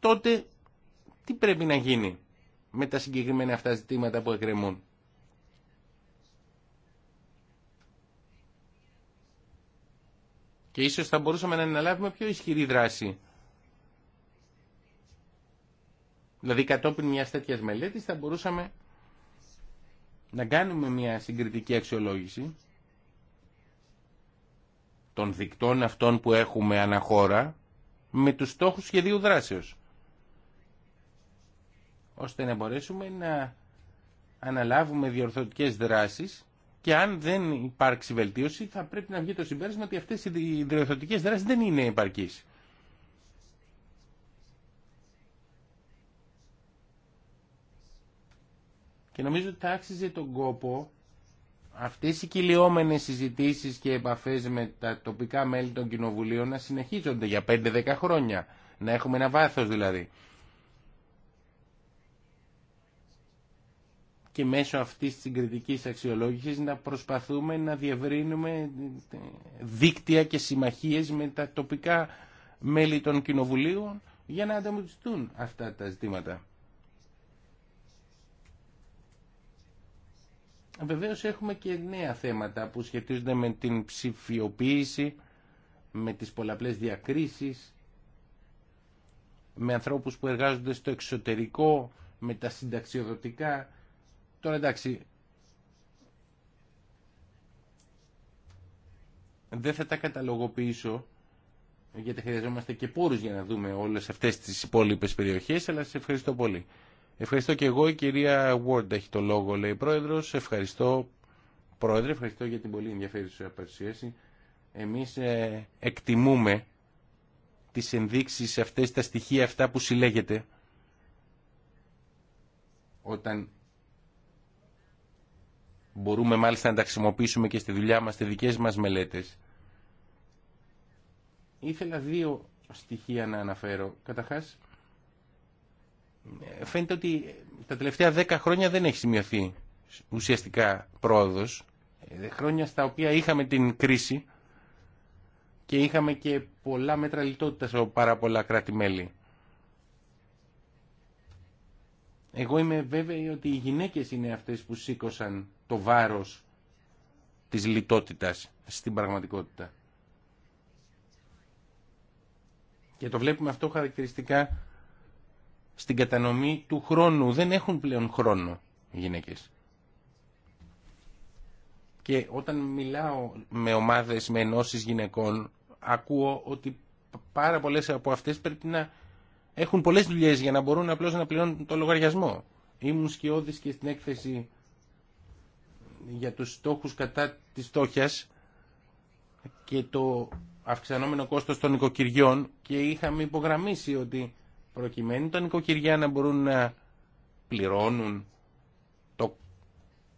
Τότε τι πρέπει να γίνει με τα συγκεκριμένα αυτά ζητήματα που εκκρεμούν. Και ίσως θα μπορούσαμε να αναλάβουμε πιο ισχυρή δράση. Δηλαδή κατόπιν μιας τέτοιας μελέτης θα μπορούσαμε να κάνουμε μια συγκριτική αξιολόγηση των δικτών αυτών που έχουμε αναχώρα με τους στόχους σχεδίου δράσεως ώστε να μπορέσουμε να αναλάβουμε διορθωτικές δράσεις και αν δεν υπάρξει βελτίωση θα πρέπει να βγει το συμπέρασμα ότι αυτές οι διορθωτικές δράσεις δεν είναι επαρκείς. Και νομίζω ότι θα άξιζε τον κόπο αυτές οι κυλιόμενες συζητήσεις και επαφές με τα τοπικά μέλη των κοινοβουλίων να συνεχίζονται για 5-10 χρόνια. Να έχουμε ένα βάθος δηλαδή. Και μέσω αυτής της κριτικής αξιολόγησης να προσπαθούμε να διευρύνουμε δίκτυα και συμμαχίες με τα τοπικά μέλη των κοινοβουλίων για να αυτά τα ζητήματα. Βεβαίως έχουμε και νέα θέματα που σχετίζονται με την ψηφιοποίηση, με τις πολλαπλές διακρίσεις, με ανθρώπους που εργάζονται στο εξωτερικό, με τα συνταξιοδοτικά. Τώρα εντάξει, δεν θα τα καταλογοποιήσω γιατί χρειαζόμαστε και πόρους για να δούμε όλες αυτές τις υπόλοιπες περιοχές, αλλά σε ευχαριστώ πολύ. Ευχαριστώ και εγώ. Η κυρία Ward έχει το λόγο, λέει πρόεδρος. Ευχαριστώ, πρόεδρε. Ευχαριστώ για την πολύ ενδιαφέρουσα παρουσίαση. Εμείς ε, εκτιμούμε τις ενδείξεις αυτές, τα στοιχεία αυτά που συλλέγεται όταν μπορούμε μάλιστα να τα χρησιμοποιήσουμε και στη δουλειά μας, στις δικές μας μελέτες. Ήθελα δύο στοιχεία να αναφέρω. Καταρχάς, φαίνεται ότι τα τελευταία δέκα χρόνια δεν έχει σημειωθεί ουσιαστικά πρόοδος. Ε, χρόνια στα οποία είχαμε την κρίση και είχαμε και πολλά λιτότητα λιτότητας από πάρα πολλά κράτη-μέλη. Εγώ είμαι βέβαιη ότι οι γυναίκες είναι αυτές που σήκωσαν το βάρος της λιτότητας στην πραγματικότητα. Και το βλέπουμε αυτό χαρακτηριστικά στην κατανομή του χρόνου. Δεν έχουν πλέον χρόνο οι γυναίκες. Και όταν μιλάω με ομάδες, με ενώσεις γυναικών, ακούω ότι πάρα πολλές από αυτές πρέπει να έχουν πολλές δουλειές για να μπορούν απλώς να πληρώνουν το λογαριασμό. Ήμουν σκιώδης και στην έκθεση για τους στόχους κατά της στόχιας και το αυξανόμενο κόστος των οικοκυριών και είχαμε υπογραμμίσει ότι προκειμένου τα νοικοκυριά να μπορούν να πληρώνουν το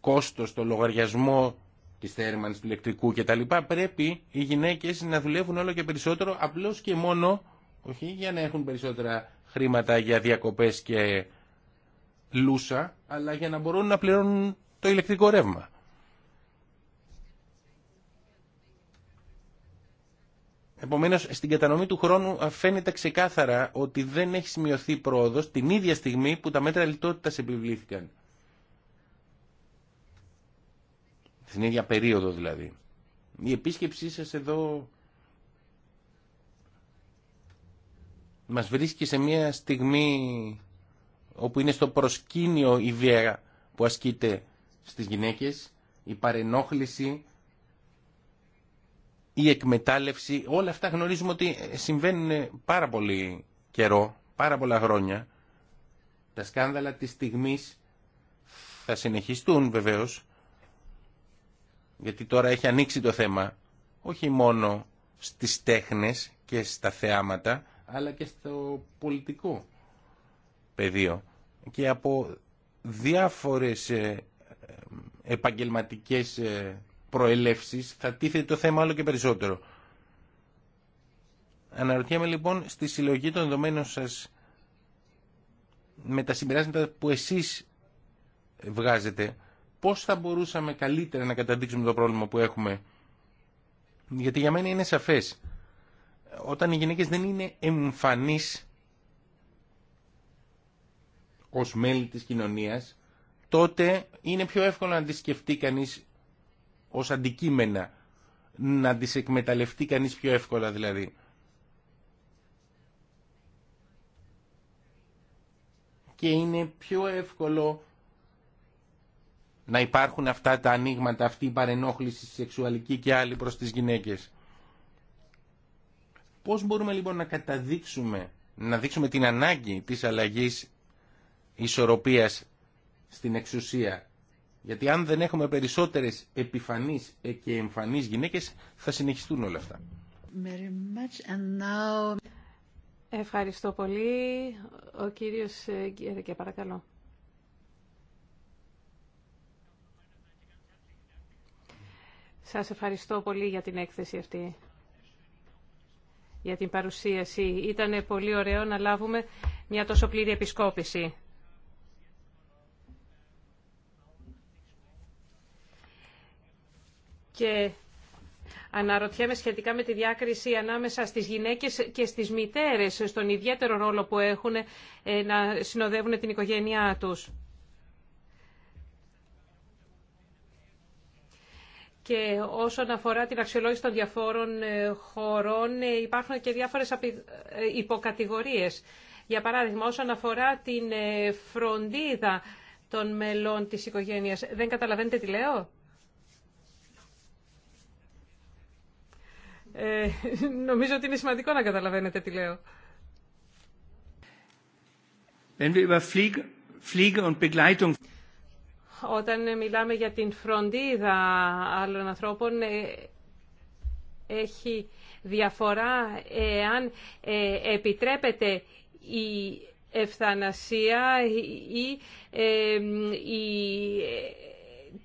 κόστος, το λογαριασμό της θέρμανσης του ηλεκτρικού κτλ. Πρέπει οι γυναίκες να δουλεύουν όλο και περισσότερο απλώς και μόνο, όχι για να έχουν περισσότερα χρήματα για διακοπές και λούσα, αλλά για να μπορούν να πληρώνουν το ηλεκτρικό ρεύμα. Επομένως, στην κατανομή του χρόνου φαίνεται ξεκάθαρα ότι δεν έχει σημειωθεί πρόοδος την ίδια στιγμή που τα μέτρα λιτότητας επιβλήθηκαν. Την ίδια περίοδο δηλαδή. Η επίσκεψή σας εδώ μας βρίσκει σε μια στιγμή όπου είναι στο προσκήνιο η βία που ασκείται στις γυναίκες, η παρενόχληση, η εκμετάλλευση, όλα αυτά γνωρίζουμε ότι συμβαίνουν πάρα πολύ καιρό, πάρα πολλά χρόνια. Τα σκάνδαλα της στιγμής θα συνεχιστούν βεβαίως, γιατί τώρα έχει ανοίξει το θέμα, όχι μόνο στις τέχνες και στα θεάματα, αλλά και στο πολιτικό πεδίο και από διάφορες ε, ε, επαγγελματικές ε, θα τίθεται το θέμα άλλο και περισσότερο. Αναρωτιέμαι λοιπόν στη συλλογή των δεδομένων σας με τα συμπεράσματα που εσείς βγάζετε πώς θα μπορούσαμε καλύτερα να καταδείξουμε το πρόβλημα που έχουμε. Γιατί για μένα είναι σαφές. Όταν οι γυναίκε δεν είναι εμφανεί ω μέλη της κοινωνίας τότε είναι πιο εύκολο να αντισκεφτεί ως αντικείμενα να τις εκμεταλλευτεί κανείς πιο εύκολα δηλαδή. Και είναι πιο εύκολο να υπάρχουν αυτά τα ανοίγματα, αυτή η παρενόχληση σεξουαλική και άλλη προς τις γυναίκες. Πώς μπορούμε λοιπόν να καταδείξουμε, να δείξουμε την ανάγκη της αλλαγής ισορροπίας στην εξουσία γιατί αν δεν έχουμε περισσότερες επιφανείς και εμφανείς γυναίκες θα συνεχιστούν όλα αυτά. Ευχαριστώ πολύ. Ο κύριος Γκέρεκε, παρακαλώ. Σας ευχαριστώ πολύ για την έκθεση αυτή, για την παρουσίαση. Ήταν πολύ ωραίο να λάβουμε μια τόσο πλήρη επισκόπηση. και αναρωτιέμαι σχετικά με τη διάκριση ανάμεσα στις γυναίκες και στις μητέρες, στον ιδιαίτερο ρόλο που έχουν ε, να συνοδεύουν την οικογένειά τους. Και όσον αφορά την αξιολόγηση των διαφόρων ε, χωρών, ε, υπάρχουν και διάφορες υποκατηγορίες. Για παράδειγμα, όσον αφορά την φροντίδα των μελών της οικογένειας. Δεν καταλαβαίνετε τι λέω? Ε, νομίζω ότι είναι σημαντικό να καταλαβαίνετε τι λέω. Όταν μιλάμε για την φροντίδα άλλων ανθρώπων, ε, έχει διαφορά εάν ε, επιτρέπεται η ευθανασία ή η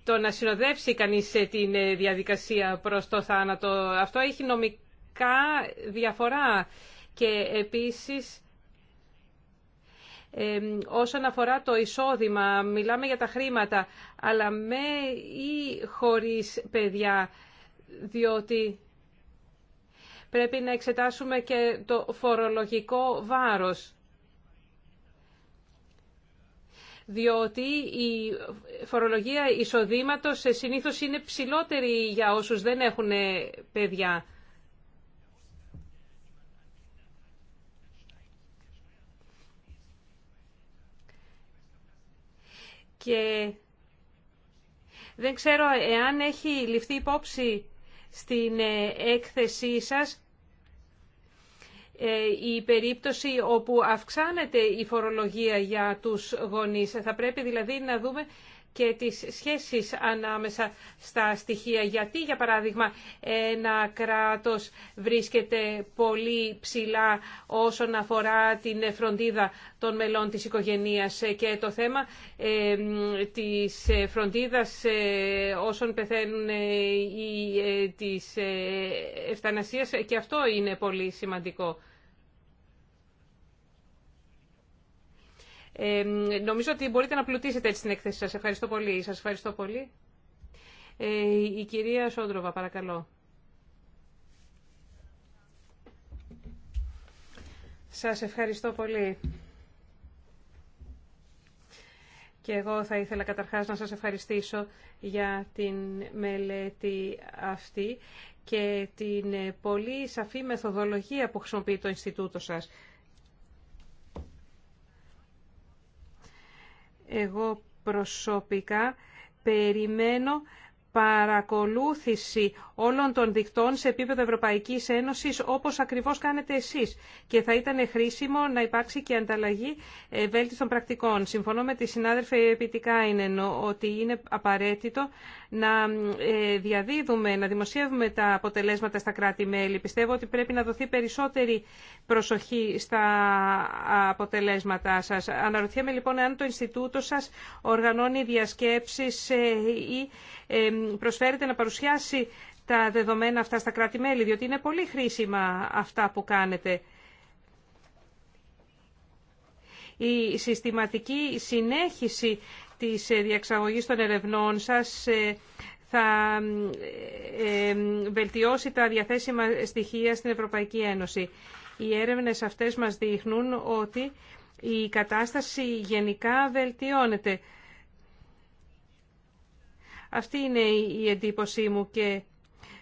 το να συνοδεύσει κανείς σε την ε, διαδικασία προς το θάνατο. Αυτό έχει νομικά διαφορά και επίσης ε, όσον αφορά το εισόδημα, μιλάμε για τα χρήματα, αλλά με ή χωρίς παιδιά, διότι πρέπει να εξετάσουμε και το φορολογικό βάρος. διότι η φορολογία εισοδήματος συνήθως είναι ψηλότερη για όσους δεν έχουν παιδιά. Και δεν ξέρω εάν έχει ληφθεί υπόψη στην ε, έκθεσή σας ε, η περίπτωση όπου αυξάνεται η φορολογία για τους γονείς. Θα πρέπει δηλαδή να δούμε και τις σχέσεις ανάμεσα στα στοιχεία. Γιατί, για παράδειγμα, ένα κράτος βρίσκεται πολύ ψηλά όσον αφορά την φροντίδα των μελών της οικογένειας και το θέμα ε, της φροντίδας ε, όσων πεθαίνουν ή ε, της ευθανασίας και αυτό είναι πολύ σημαντικό. νομίζω ότι μπορείτε να πλουτίσετε έτσι την έκθεση σας. Ευχαριστώ πολύ. Σας ευχαριστώ πολύ. Ε, η κυρία Σόντροβα, παρακαλώ. Σας ευχαριστώ πολύ. Και εγώ θα ήθελα καταρχάς να σας ευχαριστήσω για την μελέτη αυτή και την πολύ σαφή μεθοδολογία που χρησιμοποιεί το Ινστιτούτο σας. Εγώ προσωπικά περιμένω παρακολούθηση όλων των δικτών σε επίπεδο Ευρωπαϊκής Ένωσης όπως ακριβώς κάνετε εσείς και θα ήταν χρήσιμο να υπάρξει και ανταλλαγή ε, βέλτιστων πρακτικών. Συμφωνώ με τη συνάδελφη Επιτικάινεν ότι είναι απαραίτητο να ε, διαδίδουμε, να δημοσιεύουμε τα αποτελέσματα στα κράτη-μέλη. Πιστεύω ότι πρέπει να δοθεί περισσότερη προσοχή στα αποτελέσματά σας. Αναρωτιέμαι λοιπόν αν το Ινστιτούτο σας οργανώνει διασκέψεις ε, Προσφέρετε να παρουσιάσει τα δεδομένα αυτά στα κράτη-μέλη, διότι είναι πολύ χρήσιμα αυτά που κάνετε. Η συστηματική συνέχιση της ε, διαξαγωγής των ερευνών σας ε, θα ε, βελτιώσει τα διαθέσιμα στοιχεία στην Ευρωπαϊκή Ένωση. Οι έρευνες αυτές μας δείχνουν ότι η κατάσταση γενικά βελτιώνεται. Αυτή είναι η εντύπωσή μου και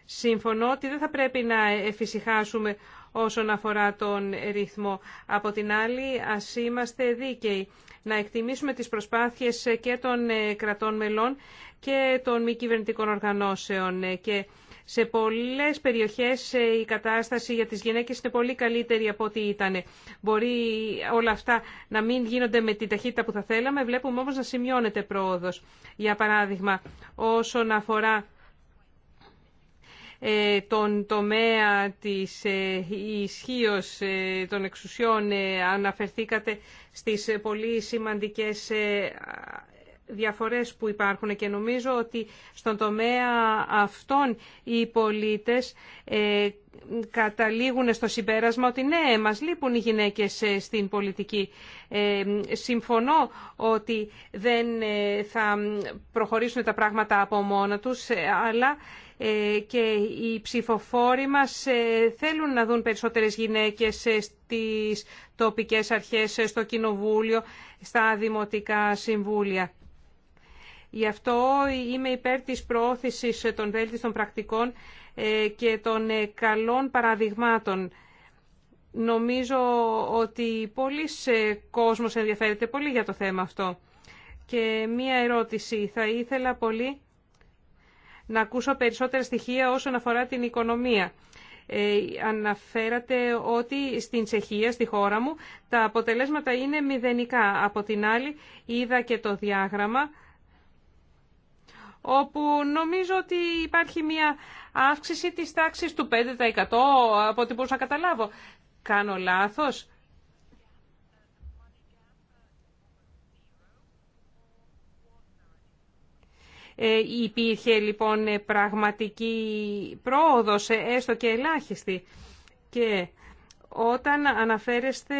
συμφωνώ ότι δεν θα πρέπει να εφησυχάσουμε όσον αφορά τον ρυθμό. Από την άλλη, ας είμαστε δίκαιοι να εκτιμήσουμε τις προσπάθειες και των ε, κρατών μελών και των μη κυβερνητικών οργανώσεων ε, σε πολλές περιοχές ε, η κατάσταση για τις γυναίκες είναι πολύ καλύτερη από ό,τι ήταν. Μπορεί όλα αυτά να μην γίνονται με την ταχύτητα που θα θέλαμε, βλέπουμε όμως να σημειώνεται πρόοδος. Για παράδειγμα, όσον αφορά ε, τον τομέα της ε, ισχύω των εξουσιών αναφερθήκατε στις πολύ σημαντικές διαφορές που υπάρχουν και νομίζω ότι στον τομέα αυτών οι πολίτες ε, καταλήγουν στο συμπέρασμα ότι ναι, μας λείπουν οι γυναίκες ε, στην πολιτική. Ε, συμφωνώ ότι δεν θα προχωρήσουν τα πράγματα από μόνα τους, αλλά και οι ψηφοφόροι μας θέλουν να δουν περισσότερες γυναίκες στις τοπικές αρχές, στο κοινοβούλιο, στα δημοτικά συμβούλια. Γι' αυτό είμαι υπέρ της προώθησης των βέλτιστων πρακτικών ε, και των ε, καλών παραδειγμάτων. Νομίζω ότι πολλοί κόσμος ενδιαφέρεται πολύ για το θέμα αυτό. Και μία ερώτηση. Θα ήθελα πολύ να ακούσω περισσότερα στοιχεία όσον αφορά την οικονομία. Ε, αναφέρατε ότι στην Τσεχία, στη χώρα μου, τα αποτελέσματα είναι μηδενικά. Από την άλλη, είδα και το διάγραμμα όπου νομίζω ότι υπάρχει μια αύξηση της τάξης του 5% από ό,τι μπορούσα να καταλάβω. Κάνω λάθος. Ε, υπήρχε λοιπόν πραγματική πρόοδος, έστω και ελάχιστη. Και όταν αναφέρεστε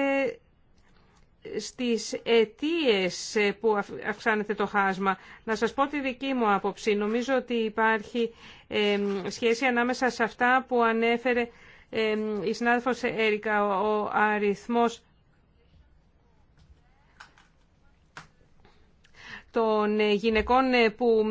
στις αιτίε που αυξάνεται το χάσμα. Να σας πω τη δική μου άποψη. Νομίζω ότι υπάρχει σχέση ανάμεσα σε αυτά που ανέφερε η συνάδελφος Έρικα, ο αριθμός των γυναικών που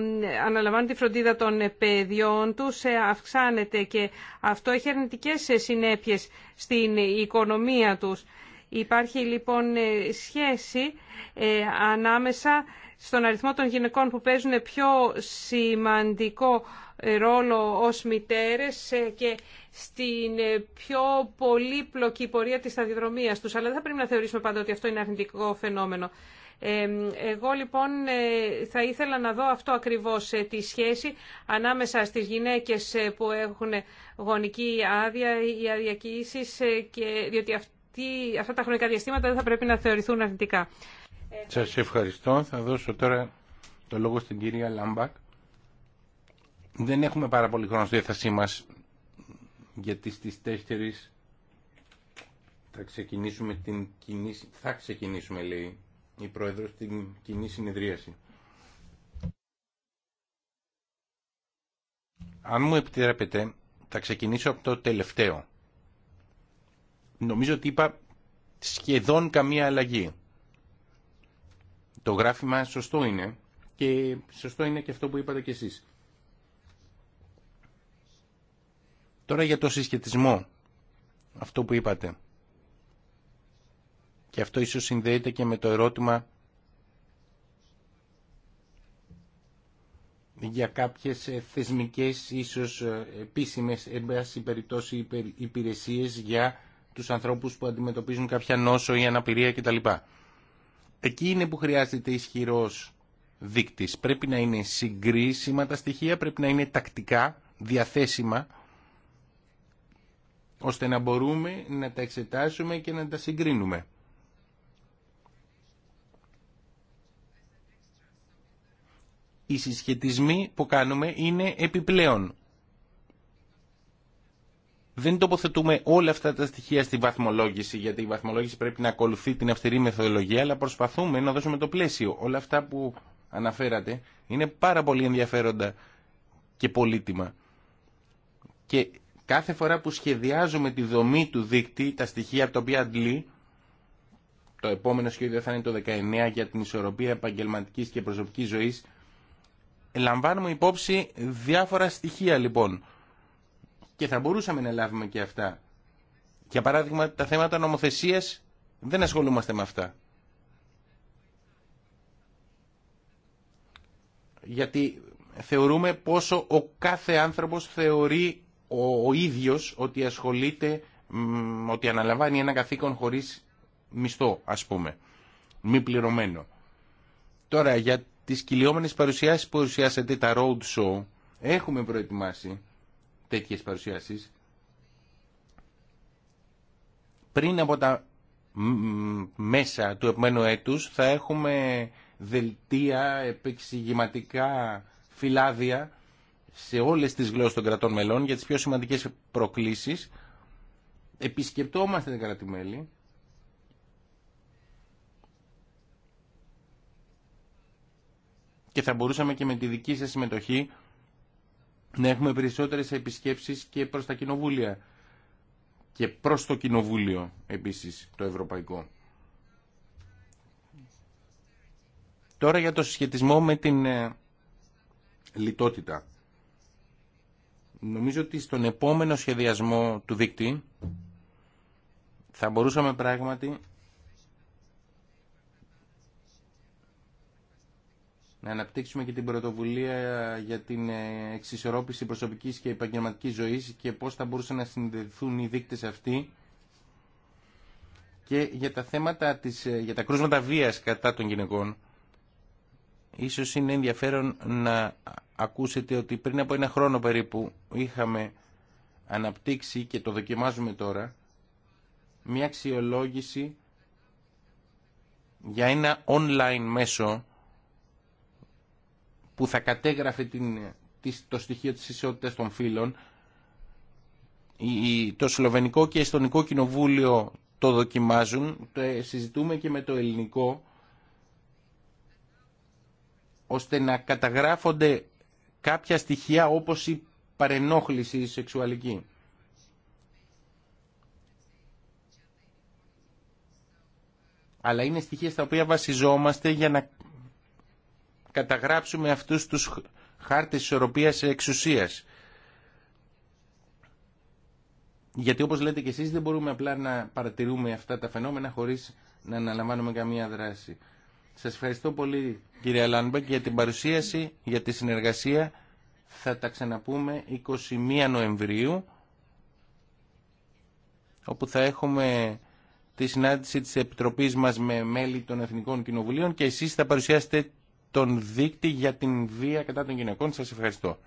αναλαμβάνουν τη φροντίδα των παιδιών τους ε, αυξάνεται και αυτό έχει αρνητικές συνέπειες στην οικονομία τους. Υπάρχει λοιπόν ε, σχέση ε, ανάμεσα στον αριθμό των γυναικών που παίζουν πιο σημαντικό ε, ρόλο ως μητέρες και στην πιο πολύπλοκη πορεία της σταδιοδρομίας τους. Αλλά δεν θα πρέπει να θεωρήσουμε πάντα ότι αυτό είναι αρνητικό φαινόμενο. Εγώ λοιπόν θα ήθελα να δω αυτό ακριβώς τη σχέση ανάμεσα στις γυναίκες που έχουν γονική άδεια ή και διότι αυτό αυτά τα χρονικά διαστήματα δεν θα πρέπει να θεωρηθούν αρνητικά. Σας ευχαριστώ. Θα δώσω τώρα το λόγο στην κυρία Λάμπακ. Δεν έχουμε πάρα πολύ χρόνο στη διάθεσή μας, γιατί στις 4 θα ξεκινήσουμε, την κοινή, θα ξεκινήσουμε λέει, η Πρόεδρος την κοινή συνεδρίαση. Αν μου επιτρέπετε, θα ξεκινήσω από το τελευταίο νομίζω ότι είπα σχεδόν καμία αλλαγή. Το γράφημα σωστό είναι και σωστό είναι και αυτό που είπατε κι εσείς. Τώρα για το συσχετισμό, αυτό που είπατε. Και αυτό ίσως συνδέεται και με το ερώτημα για κάποιες ε, θεσμικές, ίσως ε, επίσημες, εν πάση περιπτώσει, υπηρεσίες για του ανθρώπου που αντιμετωπίζουν κάποια νόσο ή αναπηρία κτλ. Εκεί είναι που χρειάζεται ισχυρό δείκτη. Πρέπει να είναι συγκρίσιμα τα στοιχεία, πρέπει να είναι τακτικά διαθέσιμα, ώστε να μπορούμε να τα εξετάσουμε και να τα συγκρίνουμε. Οι συσχετισμοί που κάνουμε είναι επιπλέον δεν τοποθετούμε όλα αυτά τα στοιχεία στη βαθμολόγηση, γιατί η βαθμολόγηση πρέπει να ακολουθεί την αυστηρή μεθοδολογία, αλλά προσπαθούμε να δώσουμε το πλαίσιο. Όλα αυτά που αναφέρατε είναι πάρα πολύ ενδιαφέροντα και πολύτιμα. Και κάθε φορά που σχεδιάζουμε τη δομή του δίκτυ, τα στοιχεία από τα οποία αντλεί, το επόμενο σχέδιο θα είναι το 19 για την ισορροπία επαγγελματική και προσωπική ζωή. Λαμβάνουμε υπόψη διάφορα στοιχεία λοιπόν και θα μπορούσαμε να λάβουμε και αυτά. Για παράδειγμα, τα θέματα νομοθεσίας δεν ασχολούμαστε με αυτά. Γιατί θεωρούμε πόσο ο κάθε άνθρωπος θεωρεί ο, ο ίδιος ότι ασχολείται, ότι αναλαμβάνει ένα καθήκον χωρίς μισθό, ας πούμε, μη πληρωμένο. Τώρα, για τις κυλιόμενες παρουσιάσεις που παρουσιάσατε, τα road show, έχουμε προετοιμάσει τέτοιες παρουσιάσεις πριν από τα μέσα του επόμενου έτους θα έχουμε δελτία επεξηγηματικά φυλάδια σε όλες τις γλώσσες των κρατών μελών για τις πιο σημαντικές προκλήσεις επισκεπτόμαστε την κρατημέλη και θα μπορούσαμε και με τη δική σας συμμετοχή να έχουμε περισσότερες επισκέψεις και προς τα κοινοβούλια και προς το κοινοβούλιο επίσης το ευρωπαϊκό. Τώρα για το συσχετισμό με την ε, λιτότητα. Νομίζω ότι στον επόμενο σχεδιασμό του δίκτυ θα μπορούσαμε πράγματι να αναπτύξουμε και την πρωτοβουλία για την ε, εξισορρόπηση προσωπικής και επαγγελματικής ζωής και πώς θα μπορούσαν να συνδεθούν οι δείκτες αυτοί και για τα θέματα της, ε, για τα κρούσματα βίας κατά των γυναικών ίσως είναι ενδιαφέρον να ακούσετε ότι πριν από ένα χρόνο περίπου είχαμε αναπτύξει και το δοκιμάζουμε τώρα μια αξιολόγηση για ένα online μέσο που θα κατέγραφε την, το στοιχείο της ισότητας των φύλων. Το Σλοβενικό και Εστονικό Κοινοβούλιο το δοκιμάζουν, το ε, συζητούμε και με το ελληνικό, ώστε να καταγράφονται κάποια στοιχεία όπως η παρενόχληση σεξουαλική. Αλλά είναι στοιχεία στα οποία βασιζόμαστε για να καταγράψουμε αυτούς τους χάρτες ισορροπίας εξουσίας. Γιατί όπως λέτε και εσείς δεν μπορούμε απλά να παρατηρούμε αυτά τα φαινόμενα χωρίς να αναλαμβάνουμε καμία δράση. Σας ευχαριστώ πολύ κύριε Λάνμπεκ για την παρουσίαση, για τη συνεργασία. Θα τα ξαναπούμε 21 Νοεμβρίου όπου θα έχουμε τη συνάντηση της Επιτροπής μας με μέλη των Εθνικών Κοινοβουλίων και εσείς θα παρουσιάσετε τον δείκτη για την βία κατά των γυναικών. Σας ευχαριστώ.